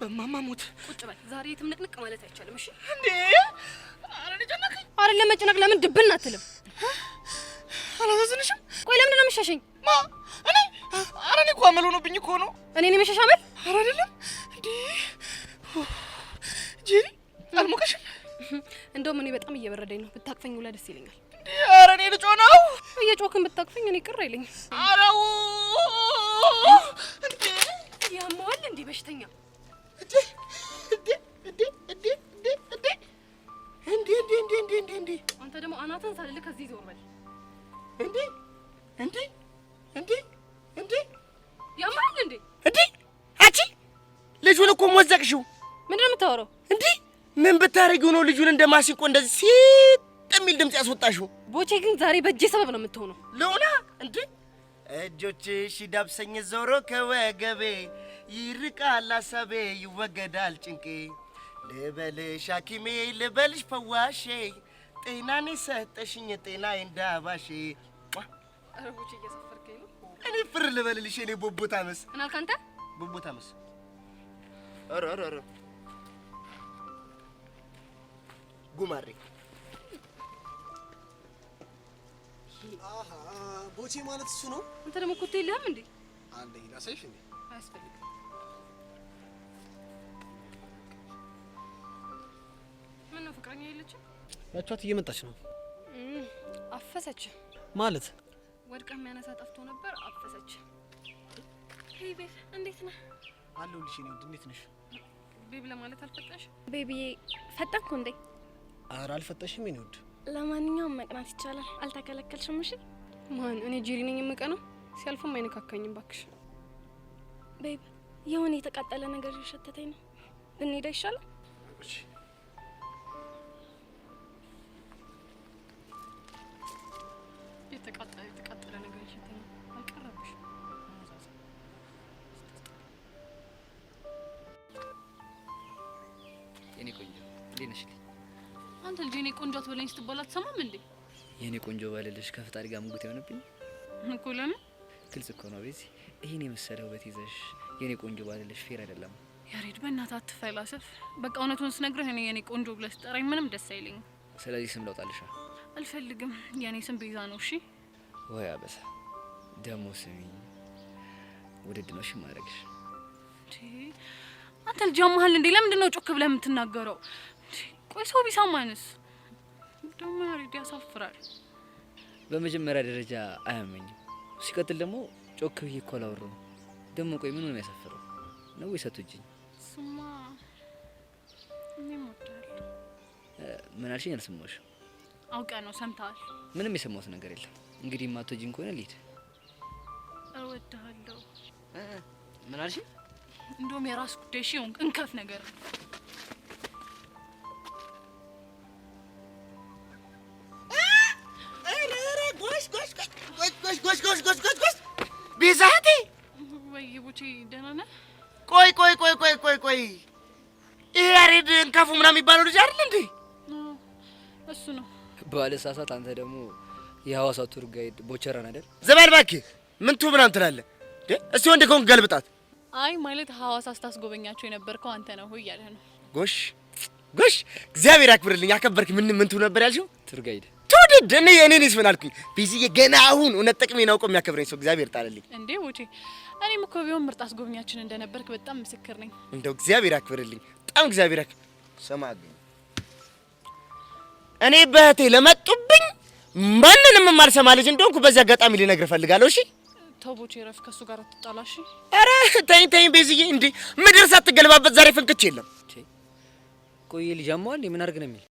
በማማሙት ሞት ቁጭ በል። ዛሬ የትም ንቅንቅ ማለት አይቻልም። እሺ እንዴ! አረ ለጨነቅ፣ አረ ለመጨነቅ ለምን ድብን አትልም? አላዘዝንሽም? ቆይ ለምንድን ነው የምትሸሸኝ? ማ እኔ? አረ እኔ እኮ አመል ሆኖብኝ እኮ ነው። እኔ ነው የመሸሽ አመል? አረ አይደለም። እንዴ ጄሪ፣ አልሞቀሽም? እንደውም እኔ በጣም እየበረደኝ ነው። ብታቅፈኝ ውላ ደስ ይለኛል። እንዴ! አረ እኔ ልጮ ነው። እየጮክን ብታቅፈኝ እኔ ቅር አይለኝም። አረው እንዴ! ያመዋል እንዴ በሽተኛ አንተ ደግሞ አናትን ሳልል ከዚህ ዞር በል። እንዴ እንዴ እንዴ እንዴ ያማል እንዴ እንዴ አቺ ልጁን እኮ ሞዘቅሽው። ምንድን ነው የምታወራው? እንዴ ምን ብታረጊው ነው ልጁን እንደማሲንቆ እንደዚህ ሲጥ የሚል ድምጽ ያስወጣሽው? ቦቼ ግን ዛሬ በእጄ ሰበብ ነው የምትሆነው። ለውና እንዴ እጆችሽ ዳብሰኝ ዞሮ ከወገቤ ይርቃል ሀሳቤ ይወገዳል ጭንቄ ልበልሽ ሐኪሜ ልበልሽ ፈዋሼ ጤናኔ ሰጠሽኝ ጤና እንዳባሼ ረቦቼ እየሰፈርከኝ ነው። እኔ ፍር ልበልልሽ እኔ ቦቦታ መስ እናልክ አንተ ቦቦታ መስ ኧረ ኧረ ኧረ ጉማሬ ቦቼ ማለት እሱ ነው። አንተ ደግሞ ኮቴ የለህም እንዴ? አለኝ ላሳይሽ እንዴ? አያስፈልግም ፍቅረኛ የለችም? ያቻት እየመጣች ነው። አፈሰች ማለት ወድቀ የሚያነሳ ጠፍቶ ነበር። አፈሰች። ቤብ እንዴት ነህ? አለሁልሽ። እኔ እንዴት ነሽ? ቤብ ለማለት አልፈጠንሽ? ቤቢዬ ፈጠንኩ እንዴ? ኧረ አልፈጠሽም የኔ ውድ። ለማንኛውም መቅናት ይቻላል። አልተከለከልሽም። እሺ ማን? እኔ ጄሪ ነኝ የምቀናው። ሲያልፍም አይነካካኝም እባክሽ። ቤብ የሆነ የተቃጠለ ነገር እየሸተተኝ ነው። ብንሄድ ይሻላል? የተቃጠለ ነገር ሽታ አልቀረብሽ። የኔ ቆንጆ እንዴት ነሽ? አንተ ልጅ የኔ ቆንጆ አትበለኝ ስትባል አትሰማም እንዴ? የኔ ቆንጆ ባልልሽ ከፈጣሪ ጋር ሙግት የሆነብኝ እኮ። ለምን? ግልጽ እኮ ነው። ቤዚ ይሄን የመሰለ ውበት ይዘሽ የኔ ቆንጆ ባልልሽ ፌር አይደለም። ያሬድ በእናትህ አትፈላሰፍ። በቃ እውነቱን ስነግርህ እኔ የኔ ቆንጆ ብለህ ስጠራኝ ምንም ደስ አይለኝም። ስለዚህ ስም ለውጣልሻ አልፈልግም። የኔ ስም ቤዛ ነው። እሺ ወይ አበሳ ደሞ ስሚኝ፣ ውድድ ማድረግሽ። አንተ ልጅ እንዴ? ለምንድን ነው ጮክ ብለህ የምትናገረው? ቆይ ሰው ቢሰማንስ? ደሞ ያሬድ ያሳፍራል። በመጀመሪያ ደረጃ አያመኝም። ሲቀጥል ደግሞ ጮክ ብዬ እኮ አላወራሁም። ደግሞ ቆይ ምን ነው ያሳፍረው ነው ስማ ምን አልሽኝ? አልሰማሁሽም አውቀ ነው ሰምተዋል። ምንም የሰማሁት ነገር የለም። እንግዲህ ጂን ከሆነ ልሂድ። እወድሃለሁ። ምን አልሽ? እንደውም የራስ ጉዳይ ሺሆን እንከፍ ነገር ነው ቆይ ቆይ ቆይ ቆይ ቆይ ቆይ ይሄ ያሬድ እንካፉ ምናምን የሚባለው ልጅ አይደል እንዴ? እሱ ነው ባለሳሳት አንተ ደግሞ የሐዋሳ ቱር ጋይድ ቦቸራን አይደል? ዘባል ምን ቱ ምናምን ትላለ? እስቲ ወንድ ከሆንክ ገልብጣት። አይ ማለት ሐዋሳ ስታስጎበኛቸው የነበርከው አንተ ነው ሆይ እያለህ ነው። ጎሽ ጎሽ፣ እግዚአብሔር ያክብርልኝ። አከበርክ። ምን ምን ቱ ነበር ያልሽው? ቱር ጋይድ ትውድድ እኔ እኔ ነኝ ምን አልኩኝ። ቢዝዬ ገና አሁን እውነት ጥቅሜን አውቆ የሚያከብረኝ ሰው እግዚአብሔር ጣለልኝ። እንዴ ውጪ እኔም እኮ ቢሆን ምርጥ አስጎብኛችን እንደነበርክ በጣም ምስክር ነኝ። እንደው እግዚአብሔር ያክብርልኝ። በጣም እግዚአብሔር ያክብር ሰማግ እኔ በእህቴ ለመጡብኝ ማንንም የማልሰማ ልጅ እንደሆንኩ በዚህ አጋጣሚ ልነግርህ እፈልጋለሁ። እሺ ተቦቼ፣ ረፍ ከእሱ ጋር አትጣላሽ። ኧረ ተይኝ ተይኝ ቤዝዬ፣ እንዲህ ምድር ሳትገለባበት ዛሬ ፍንክች የለም። ቆይ ልጅ አሟል፣ ምን አድርግ ነው የሚል